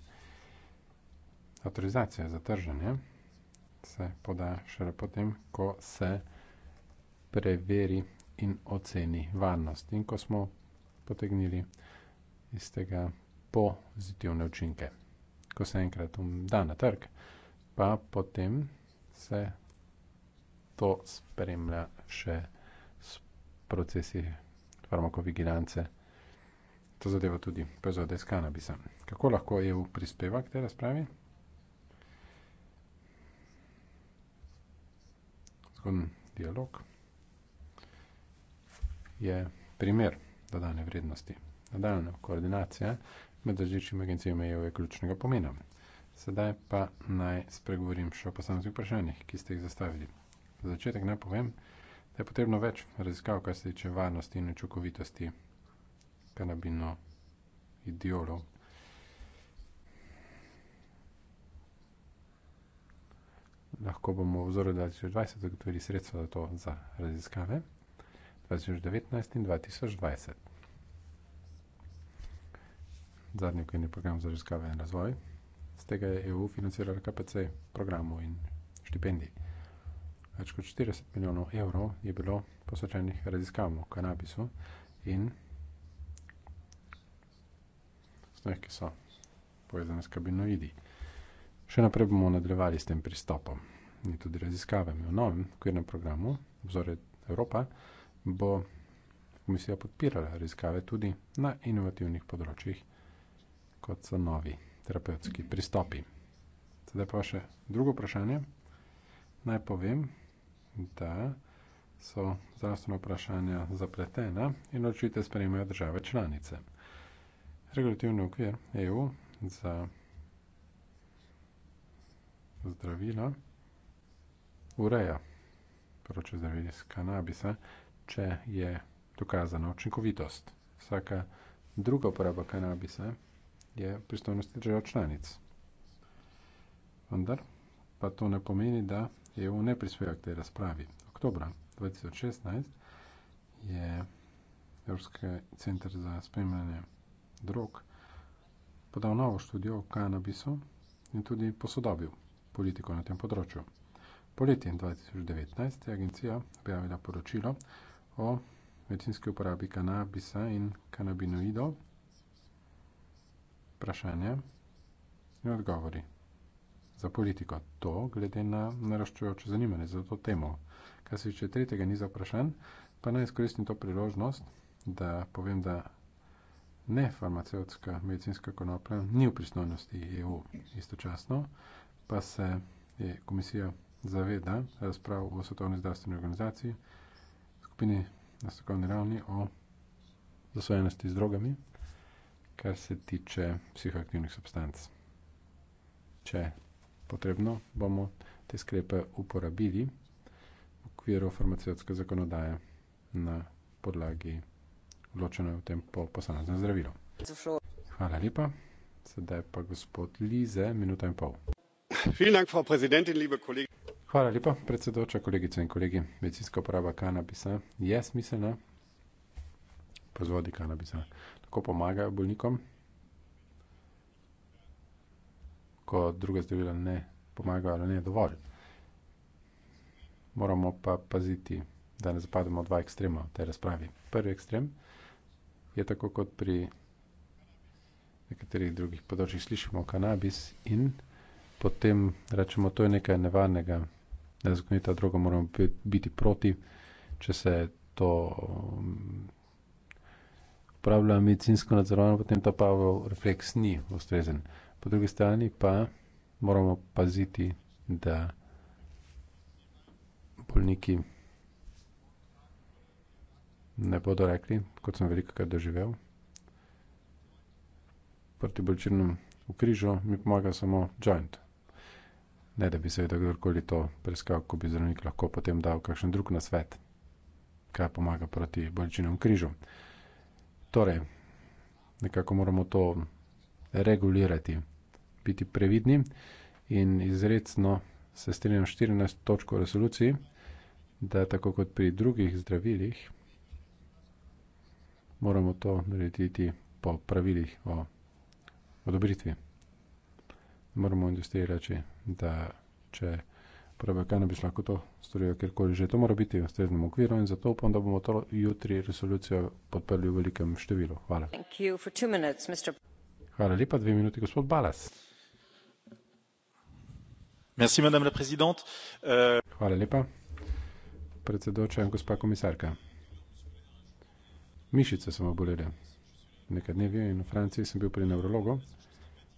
Autorizacija za trženje se poda šele potem, ko se preveri in oceni varnost in ko smo potegnili iz tega pozitivne učinke. Ko se enkrat da na trg, pa potem se to spremlja še s procesi farmakovigilance to zadeva tudi proizvode iz kanabisa. Kako lahko EU prispeva k tej razpravi? Zgodni dialog je primer dodane vrednosti. Nadaljna koordinacija med različnimi agencijami EU je ključnega pomena. Sedaj pa naj spregovorim še o posameznih vprašanjih, ki ste jih zastavili. Za začetek naj povem, da je potrebno več raziskav, kar se tiče varnosti in učinkovitosti cannabinoidiolo lahko bomo v vzoru 2020 zagotovili sredstvo za to za raziskave 2019 in 2020. Zadnji okvirni program za raziskave in razvoj, z tega je EU financiral KPC programov in štipendij. Več kot 40 milijonov evrov je bilo posvečenih raziskavam o kanabisu in snovih, ki so povezane s kabinoidi. Še naprej bomo nadaljevali s tem pristopom in tudi raziskavami. V novem okvirnem programu Obzore Evropa bo komisija podpirala raziskave tudi na inovativnih področjih, kot so novi terapevtski pristopi. Sedaj pa še drugo vprašanje. Naj povem, da so zdravstvena vprašanja zapletena in očitev sprejemajo države članice regulativni okvir EU za zdravila ureja poročaj zdravil iz kanabisa, če je dokazana učinkovitost. Vsaka druga uporaba kanabisa je v pristojnosti držav članic. Vendar pa to ne pomeni, da EU ne prispeva k tej razpravi. Oktobra 2016 je Evropski center za spremljanje drog, podal novo študijo o kanabisu in tudi posodobil politiko na tem področju. Poleti 2019 je agencija objavila poročilo o medicinski uporabi kanabisa in kanabinoidov, vprašanje in odgovori za politiko. To glede na naraščujoče zanimanje za to temo. Kar se tiče tretjega niza vprašanj, pa naj izkoristim to priložnost, da povem, da nefarmaceutska medicinska konoplja ni v pristojnosti EU. Istočasno pa se je komisija zaveda razprav v Svetovni zdravstveni organizaciji skupini na strokovni ravni o zasvojenosti z drogami, kar se tiče psihoaktivnih substanc. Če potrebno, bomo te sklepe uporabili v okviru farmaceutske zakonodaje na podlagi odločeno je v tem po posameznem zdravilu. Hvala lepa. Sedaj pa gospod Lize, minuta in pol. Hvala lepa, predsedoča, kolegice in kolegi. Medicinska uporaba kanabisa je smiselna, pozvodi kanabisa lahko pomagajo bolnikom, ko druga zdravila ne pomagajo ali ne dovolj. Moramo pa paziti, da ne zapademo dva ekstrema v tej razpravi. Prvi ekstrem je, je tako kot pri nekaterih drugih področjih. Slišimo kanabis in potem rečemo, to je nekaj nevarnega, nezakonita droga, moramo biti proti, če se to mm, uporablja medicinsko nadzorovano, potem ta pavel refleks ni ustrezen. Po drugi strani pa moramo paziti, da bolniki ne bodo rekli, kot sem veliko kaj doživel. Proti bolečinam v križu mi pomaga samo joint. Ne, da bi seveda kdorkoli to preiskal, ko bi zdravnik lahko potem dal kakšen drug nasvet, kaj pomaga proti bolečinam v križu. Torej, nekako moramo to regulirati, biti previdni in izredno se strinjam 14 točko resoluciji, da tako kot pri drugih zdravilih, moramo to narediti po pravilih o odobritvi. Moramo industriji reči, da če uporabljajo kanabis, lahko to storijo kjerkoli že. To mora biti v ustreznem okviru in zato upam, da bomo to jutri resolucijo podprli v velikem številu. Hvala. Minutes, Mr... Hvala lepa, dve minuti, gospod Balas. Merci, madame la présidente. Uh... Hvala lepa, predsedujoča in gospa komisarka mišice so mi bolele. Nekaj dnev je in v Franciji sem bil pri neurologu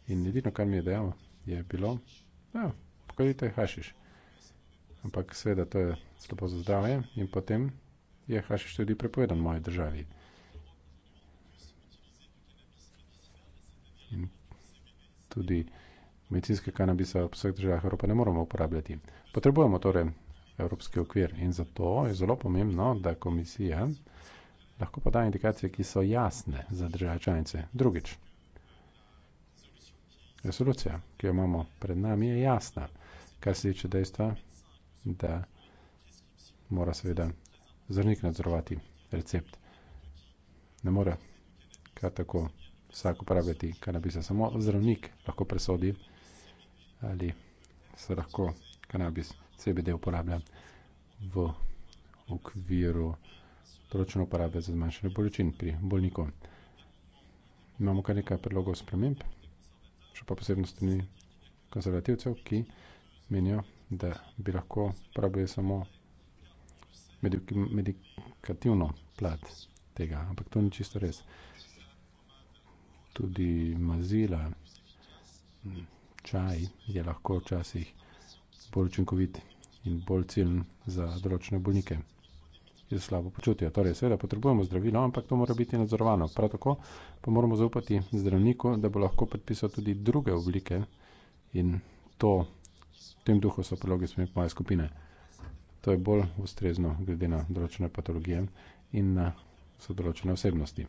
in edino, kar mi je dejal, je bilo, da ja, pokažite hašiš. Ampak seveda to je slabo za zdravje in potem je hašiš tudi prepovedan v moji državi. In tudi medicinske kanabisa v vseh državah Evrope ne moremo uporabljati. Potrebujemo torej evropski okvir in zato je zelo pomembno, da komisija lahko pa da indikacije, ki so jasne za države članice. Drugič, resolucija, ki jo imamo pred nami, je jasna, kar se tiče dejstva, da mora seveda zrnik nadzorovati recept. Ne more kar tako vsak uporabljati kanabisa. Samo zdravnik lahko presodi, ali se lahko kanabis CBD uporablja v okviru proračun uporabe za zmanjšanje bolečin pri bolniku. Imamo kar nekaj predlogov sprememb, še pa posebno strani konzervativcev, ki menijo, da bi lahko uporabili samo medik medikativno plat tega, ampak to ni čisto res. Tudi mazila, čaj je lahko včasih bolj učinkovit in bolj ciljen za določene bolnike za slabo počutje. Torej, seveda potrebujemo zdravilo, ampak to mora biti nadzorovano. Prav tako pa moramo zaupati zdravniku, da bo lahko predpisal tudi druge oblike in to v tem duhu so prilogi smem moje skupine. To je bolj ustrezno glede na določene patologije in na so določene osebnosti.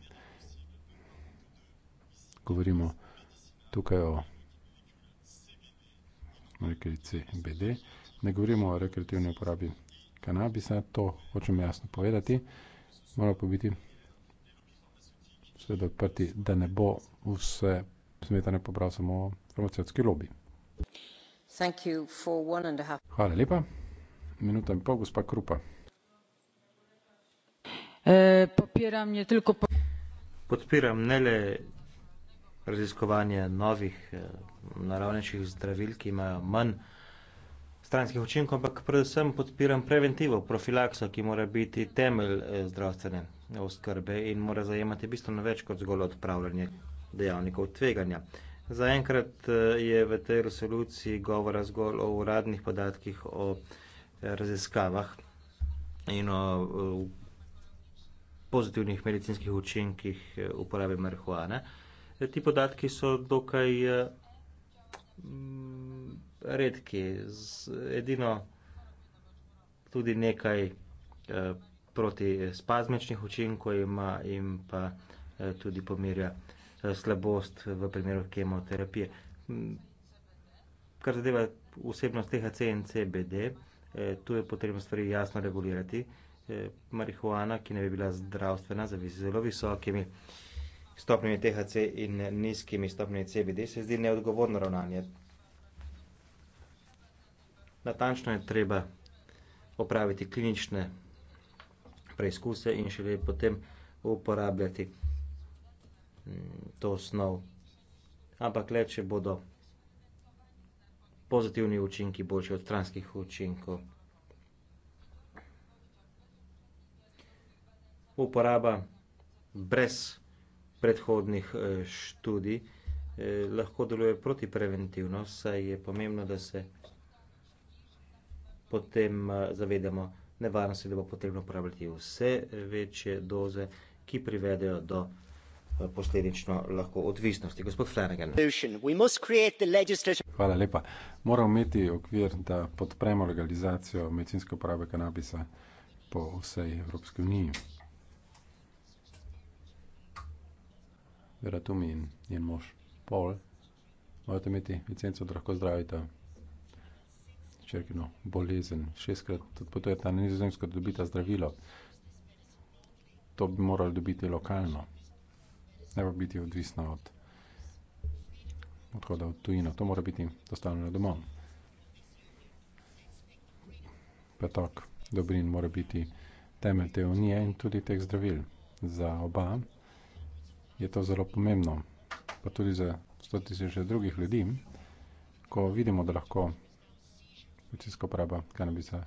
Govorimo tukaj o rekreaciji BD, ne govorimo o rekreativni uporabi kanabisa, to hočem jasno povedati. Moramo pa biti seveda odprti, da ne bo vse smetane pobral samo farmacevtski lobby. Thank you for one and a half. Hvala lepa. Minuta in pol, gospa Krupa. E, podpiram je tako. Po... Podpiram ne le raziskovanje novih e, naravnejših zdravil, ki imajo manj stranskih učinkov, ampak predvsem podpiram preventivo, profilakso, ki mora biti temelj eh, zdravstvene oskrbe in mora zajemati bistveno več kot zgolj odpravljanje dejavnikov tveganja. Zaenkrat eh, je v tej resoluciji govora zgolj o uradnih podatkih, o eh, raziskavah in o pozitivnih medicinskih učinkih uporabe marihuane. Ti podatki so dokaj redki, z edino tudi nekaj eh, proti spazmičnih učinkov ima in pa eh, tudi pomirja eh, slabost v primeru kemoterapije. Kar zadeva vsebnost THC in CBD, tu je potrebno stvari jasno regulirati. Marihuana, ki ne bi bila zdravstvena, zavisi zelo visokimi stopnimi THC in nizkimi stopnimi CBD, se zdi neodgovorno ravnanje. Natančno je treba opraviti klinične preizkuse in šele potem uporabljati mm, to snov. Ampak le, če bodo pozitivni učinki boljši od stranskih učinkov. Uporaba brez predhodnih e, študij e, lahko deluje protipreventivno, saj je pomembno, da se potem eh, zavedamo nevarnosti, da bo potrebno uporabljati vse eh, večje doze, ki privedejo do eh, posledično lahko odvisnosti. Gospod Flanagan. Hvala lepa. Moramo imeti okvir, da podpremo legalizacijo medicinske uporabe kanabisa po vsej Evropski uniji. Vera Tumi in njen mož Paul, morate imeti licenco, da lahko zdravite črkino bolezen. Šestkrat potujete na nizozemsko, da dobite zdravilo. To bi morali dobiti lokalno. Ne pa biti odvisno od odhoda v tujino. To mora biti dostavljeno domov. Petok dobrin mora biti temelj te unije in tudi teh zdravil. Za oba je to zelo pomembno, pa tudi za 100 tisoč drugih ljudi, ko vidimo, da lahko medicinska uporaba kanabisa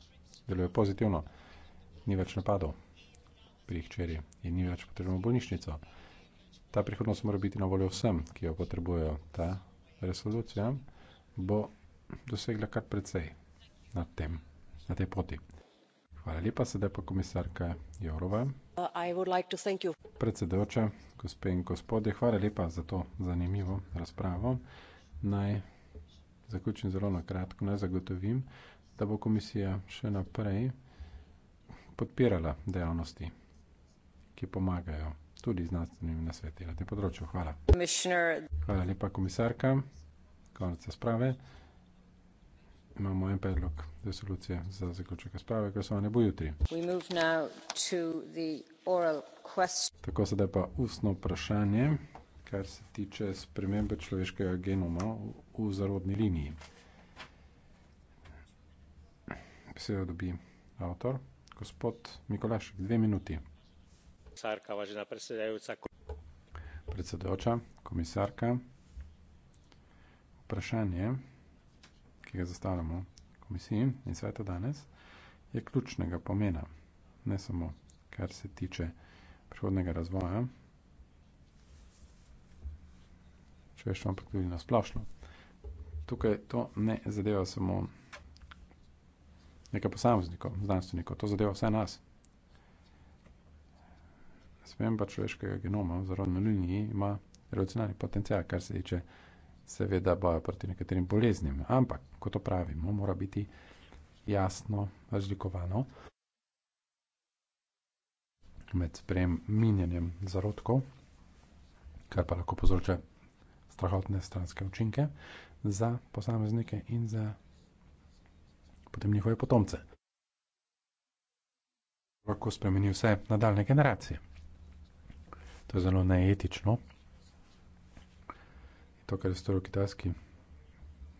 deluje pozitivno, ni več napadov pri jih čeri in ni več potrebno bolnišnico. Ta prihodnost mora biti na voljo vsem, ki jo potrebujejo. Ta resolucija bo dosegla kar precej na, tem, na tej poti. Hvala lepa, sedaj pa komisarka Jourova. Like Predsedujoča, gospe in gospodje, hvala lepa za to zanimivo razpravo. Naj zaključim zelo na kratko, naj zagotovim, da bo komisija še naprej podpirala dejavnosti, ki pomagajo tudi znanstvenim nasveti na tem področju. Hvala. Hvala lepa, komisarka. Konec razprave. Imamo en predlog resolucije za zaključek razprave, ker so ne bo jutri. Tako sedaj pa ustno vprašanje kar se tiče spremembe človeškega genoma v, v zarodni liniji. Besedo dobi avtor, gospod Mikolašek, dve minuti. Sarka, važena predsedajoča. Predsedajoča, komisarka, vprašanje, ki ga zastavljamo komisiji in sveta danes, je ključnega pomena, ne samo kar se tiče prihodnega razvoja človeštvo, ampak tudi na splošno. Tukaj to ne zadeva samo nekaj posameznikov, znanstvenikov, to zadeva vse nas. Sprememba človeškega genoma v zarodni liniji ima revolucionarni potencial, kar se tiče seveda boja proti nekaterim boleznim. Ampak, kot to pravimo, mora biti jasno razlikovano med sprejem minjenjem zarodkov, kar pa lahko povzroča strahotne stranske učinke za posameznike in za potem njihove potomce. Lahko spremeni vse nadaljne generacije. To je zelo neetično. To, kar je storil kitajski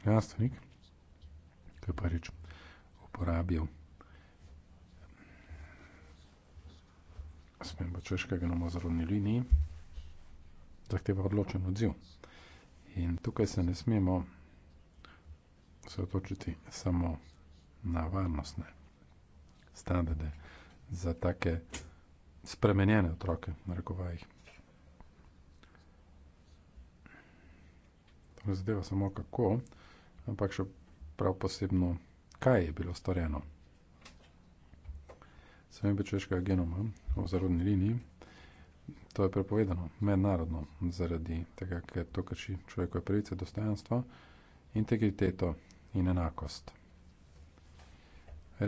znanstvenik, ki je prvič uporabil spremembo češkega genoma zrodni liniji, zahteva odločen odziv. In tukaj se ne smemo se otočiti samo na varnostne standarde za take spremenjene otroke, narekovajih. To torej, ne zadeva samo kako, ampak še prav posebno, kaj je bilo storjeno. Svembe češkega genoma v zarodni liniji To je prepovedano mednarodno zaradi tega, ker to krši človekove pravice, dostojanstvo, integriteto in enakost.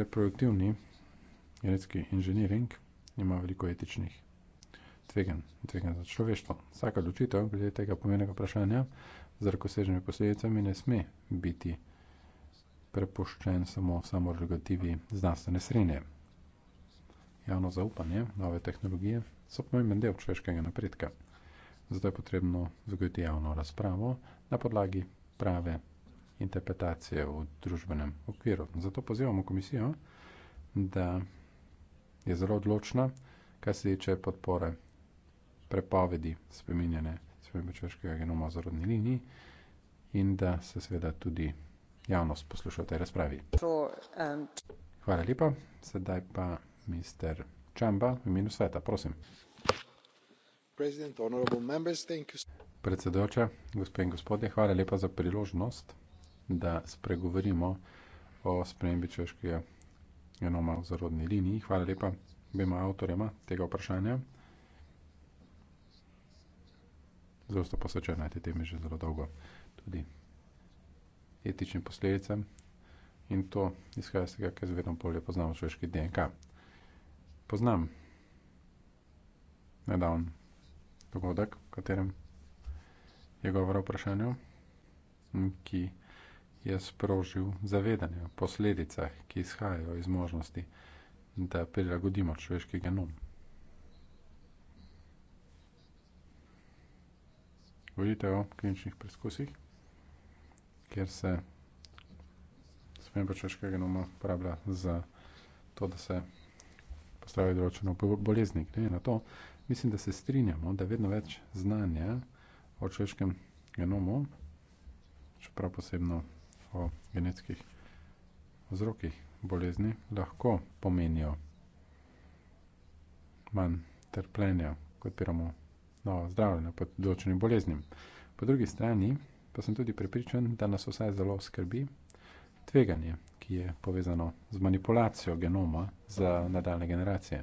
Reproduktivni genetski inženiring ima veliko etičnih tveganj, tveganj za človeštvo. Vsaka odločitev glede tega pomenega vprašanja z rakoseženimi posledicami ne sme biti prepoščen samo samo regulativi znanstvene srednje javno zaupanje, nove tehnologije so pomemben del človeškega napredka. Zato je potrebno zagotoviti javno razpravo na podlagi prave interpretacije v družbenem okviru. Zato pozivamo komisijo, da je zelo odločna, kar se tiče podpore prepovedi spreminjene spremembe človeškega genoma v zarodni liniji in da se seveda tudi javnost posluša v tej razpravi. Hvala lepa, sedaj pa mr Chamba v imenu sveta, prosim. Predsedujoča, gospe in gospodje, hvala lepa za priložnost, da spregovorimo o spremembi človeškega genoma v zarodni liniji. Hvala lepa obema avtorjema tega vprašanja. Zelo sta posvečena te teme že zelo dolgo, tudi etičnim posledicam. In to izhaja iz tega, kar zvedno bolje poznamo človeški DNK poznam. Nedavni dogodek, v katerem je govor o vprašanju, ki je sprožil zavedanje o posledicah, ki izhajajo iz možnosti, da prilagodimo človeški genom. Govorite o kliničnih preizkusih, kjer se sprememba človeškega genoma uporablja za to, da se postavijo določeno bolezni. Na to mislim, da se strinjamo, da vedno več znanja o človeškem genomu, čeprav posebno o genetskih vzrokih bolezni, lahko pomenijo manj trpljenja, kot piramo novo zdravljenje pod določenim boleznim. Po drugi strani pa sem tudi prepričan, da nas vsaj zelo skrbi tveganje ki je povezano z manipulacijo genoma za nadaljne generacije.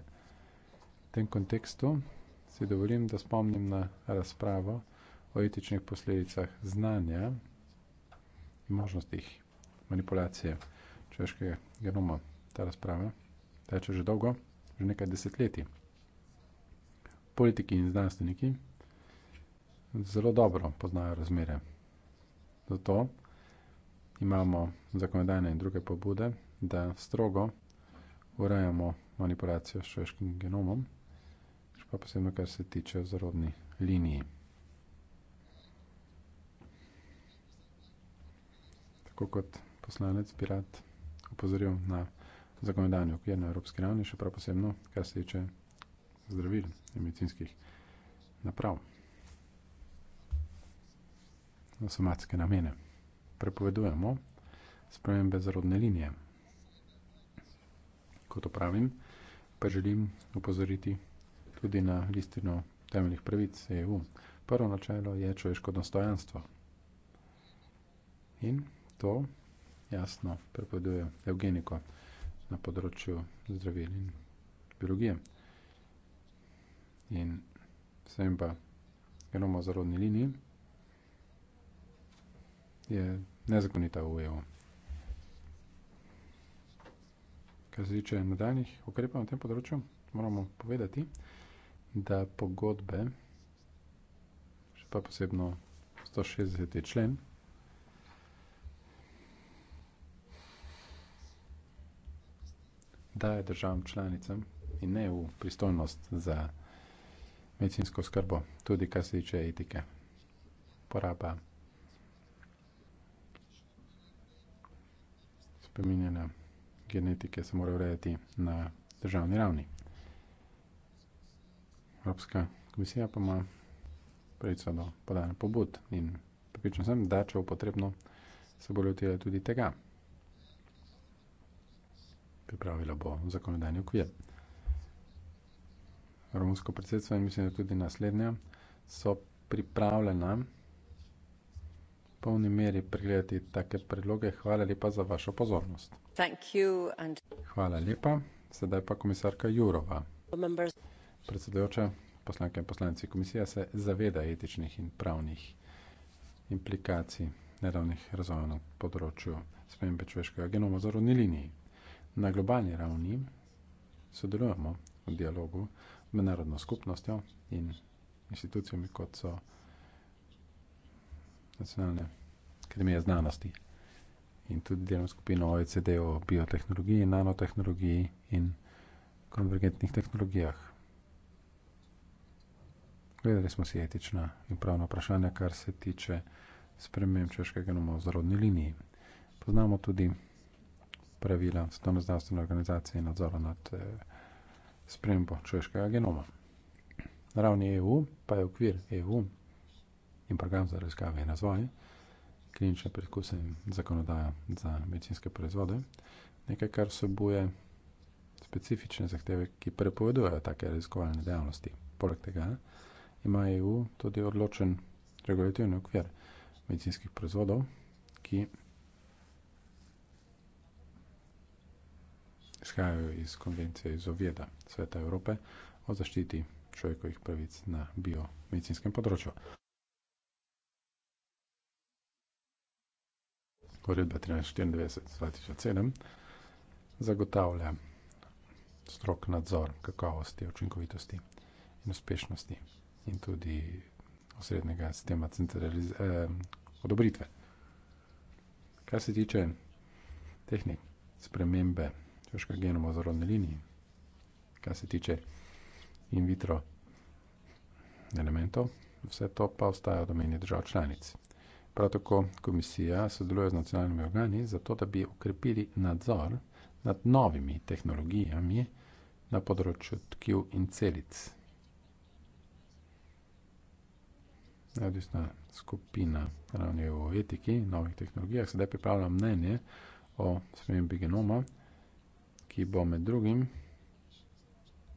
V tem kontekstu si dovolim, da spomnim na razpravo o etičnih posledicah znanja in možnostih manipulacije človeškega genoma. Ta razprava teče že dolgo, že nekaj desetletij. Politiki in znanstveniki zelo dobro poznajo razmere. Zato imamo zakonodajne in druge pobude, da strogo urejamo manipulacijo s človeškim genomom, še pa posebno, kar se tiče zarodni liniji. Tako kot poslanec bi rad opozoril na zakonodajni okvir na evropski ravni, še prav posebno, kar se tiče zdravil in medicinskih naprav na no, somatske namene prepovedujemo spremembe zarodne linije. Ko to pravim, pa želim upozoriti tudi na listino temeljnih pravic EU. Prvo načelo je človeško dostojanstvo. In to jasno prepoveduje Evgeniko na področju zdravil in biologije. In vsem pa genoma zarodni liniji je nezakonita v EU. Kar se tiče nadaljnih ukrepov na tem področju, moramo povedati, da pogodbe, še pa posebno 160. člen, daje državam članicam in ne v pristojnost za medicinsko skrbo, tudi kar se tiče etike. Poraba. spreminjanja genetike se mora urediti na državni ravni. Evropska komisija pa ima pravico do podajanja pobud in pripričan sem, da če bo potrebno, se bo lotila tudi tega. Pripravila bo zakonodajni okvir. Romunsko predsedstvo in mislim, da tudi naslednja so pripravljena polni meri pregledati take predloge. Hvala lepa za vašo pozornost. Hvala lepa. Sedaj pa komisarka Jurova. Predsedujoča, poslanke in poslanci, komisija se zaveda etičnih in pravnih implikacij nedavnih razvojev na področju spremembe človeškega genoma za rodni liniji. Na globalni ravni sodelujemo v dialogu med narodno skupnostjo in institucijami, kot so nacionalne akademije znanosti in tudi delovno skupino OECD o biotehnologiji, nanotehnologiji in konvergentnih tehnologijah. Gledali smo si etična in pravna vprašanja, kar se tiče sprememb češkega genoma v zarodni liniji. Poznamo tudi pravila Svetovne zdravstvene organizacije in nadzora nad eh, spremembo češkega genoma. Na ravni EU pa je okvir EU in program za raziskave in razvoj, klinične predkuse in zakonodajo za medicinske proizvode, nekaj, kar vsebuje specifične zahteve, ki prepovedujejo take raziskovalne dejavnosti. Poleg tega ima EU tudi odločen regulativni okvir medicinskih proizvodov, ki izhajajo iz konvencije iz Oveda Sveta Evrope o zaščiti človekovih pravic na biomedicinskem področju. uredba 1394-2007 zagotavlja strok nadzor kakovosti, učinkovitosti in uspešnosti in tudi osrednjega sistema centraliz eh, odobritve. Kar se tiče tehnik spremembe človeškega genoma v zarodni liniji, kar se tiče in vitro elementov, vse to pa ostaja v domeni držav članic. Prav tako komisija sodeluje z nacionalnimi organi, zato da bi ukrepili nadzor nad novimi tehnologijami na področju tkiv in celic. Neodvisna skupina ravni e o etiki in novih tehnologijah sedaj pripravlja mnenje o spremembi genoma, ki bo med drugim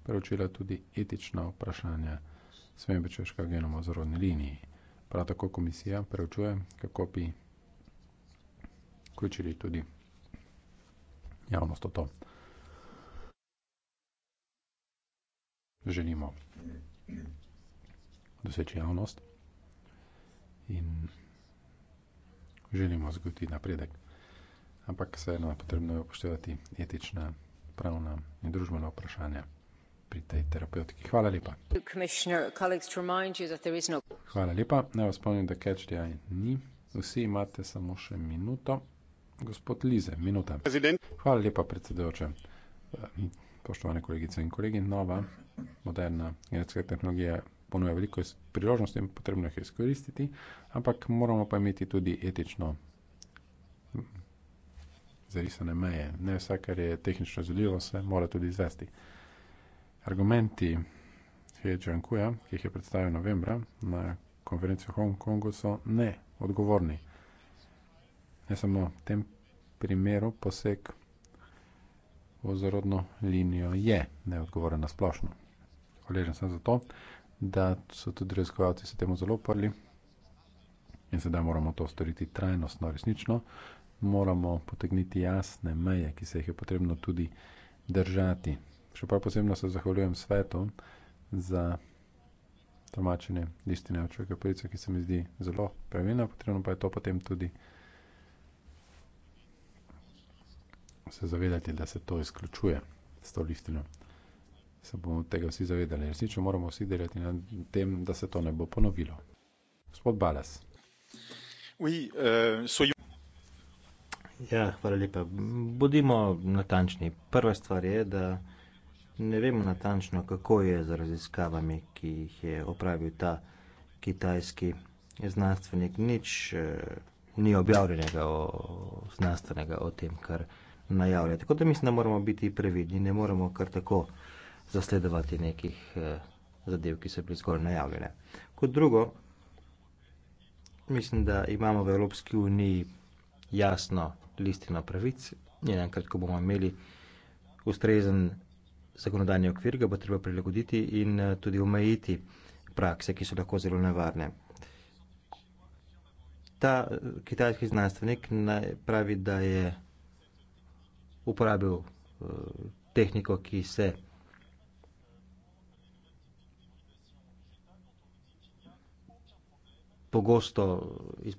preučila tudi etična vprašanja spremembe človeškega genoma v zarodni liniji. Prav tako komisija preučuje, kako bi vključili tudi javnost v to. Želimo doseči javnost in želimo zgoditi napredek. Ampak vseeno je potrebno upoštevati etična, pravna in družbena vprašanja pri tej terapevtki. Hvala lepa. No- Hvala lepa. Naj vas spomnim, da catch the eye ni. Vsi imate samo še minuto. Gospod Lize, minuta. Hvala lepa, predsedujoče. Eh, poštovane kolegice in kolegi, nova moderna genetska tehnologija ponuja veliko priložnosti in potrebno jih je izkoristiti, ampak moramo pa imeti tudi etično hm, zarisane meje. Ne vse, kar je tehnično zadljivo, se mora tudi izvesti. Argumenti Hsieh Jiankuja, ki jih je predstavil novembra na konferenci v Hongkongu, so neodgovorni. Ne samo v tem primeru poseg v zarodno linijo je neodgovoren na splošno. Hvaležen sem zato, da so tudi raziskovalci se temu zelo oprli in sedaj moramo to storiti trajnostno, resnično. Moramo potegniti jasne meje, ki se jih je potrebno tudi držati. Še prav posebno se zahvaljujem svetu za tolmačenje listine očevega prica, ki se mi zdi zelo pravilno, potrebno pa je to potem tudi se zavedati, da se to izključuje s to listino. Se bomo tega vsi zavedali. Resnično moramo vsi delati na tem, da se to ne bo ponovilo. Gospod Balas. Oui, uh, you... Ja, hvala lepa. Bodimo natančni. Prva stvar je, da ne vemo natančno kako je z raziskavami ki jih je opravil ta kitajski znanstvenik nič eh, ni objavljenega o, znanstvenega o tem kar najavlja tako da mislim da moramo biti previdni ne moramo kar tako zasledovati nekih eh, zadev ki so bili zgolj najavljene kot drugo mislim da imamo v Evropski uniji jasno listino pravic in enkrat ko bomo imeli ustrezen zakonodajni okvir ga bo treba prilagoditi in eh, tudi omejiti prakse, ki so lahko zelo nevarne. Ta eh, kitajski znanstvenik pravi, da je uporabil eh, tehniko, ki se pogosto iz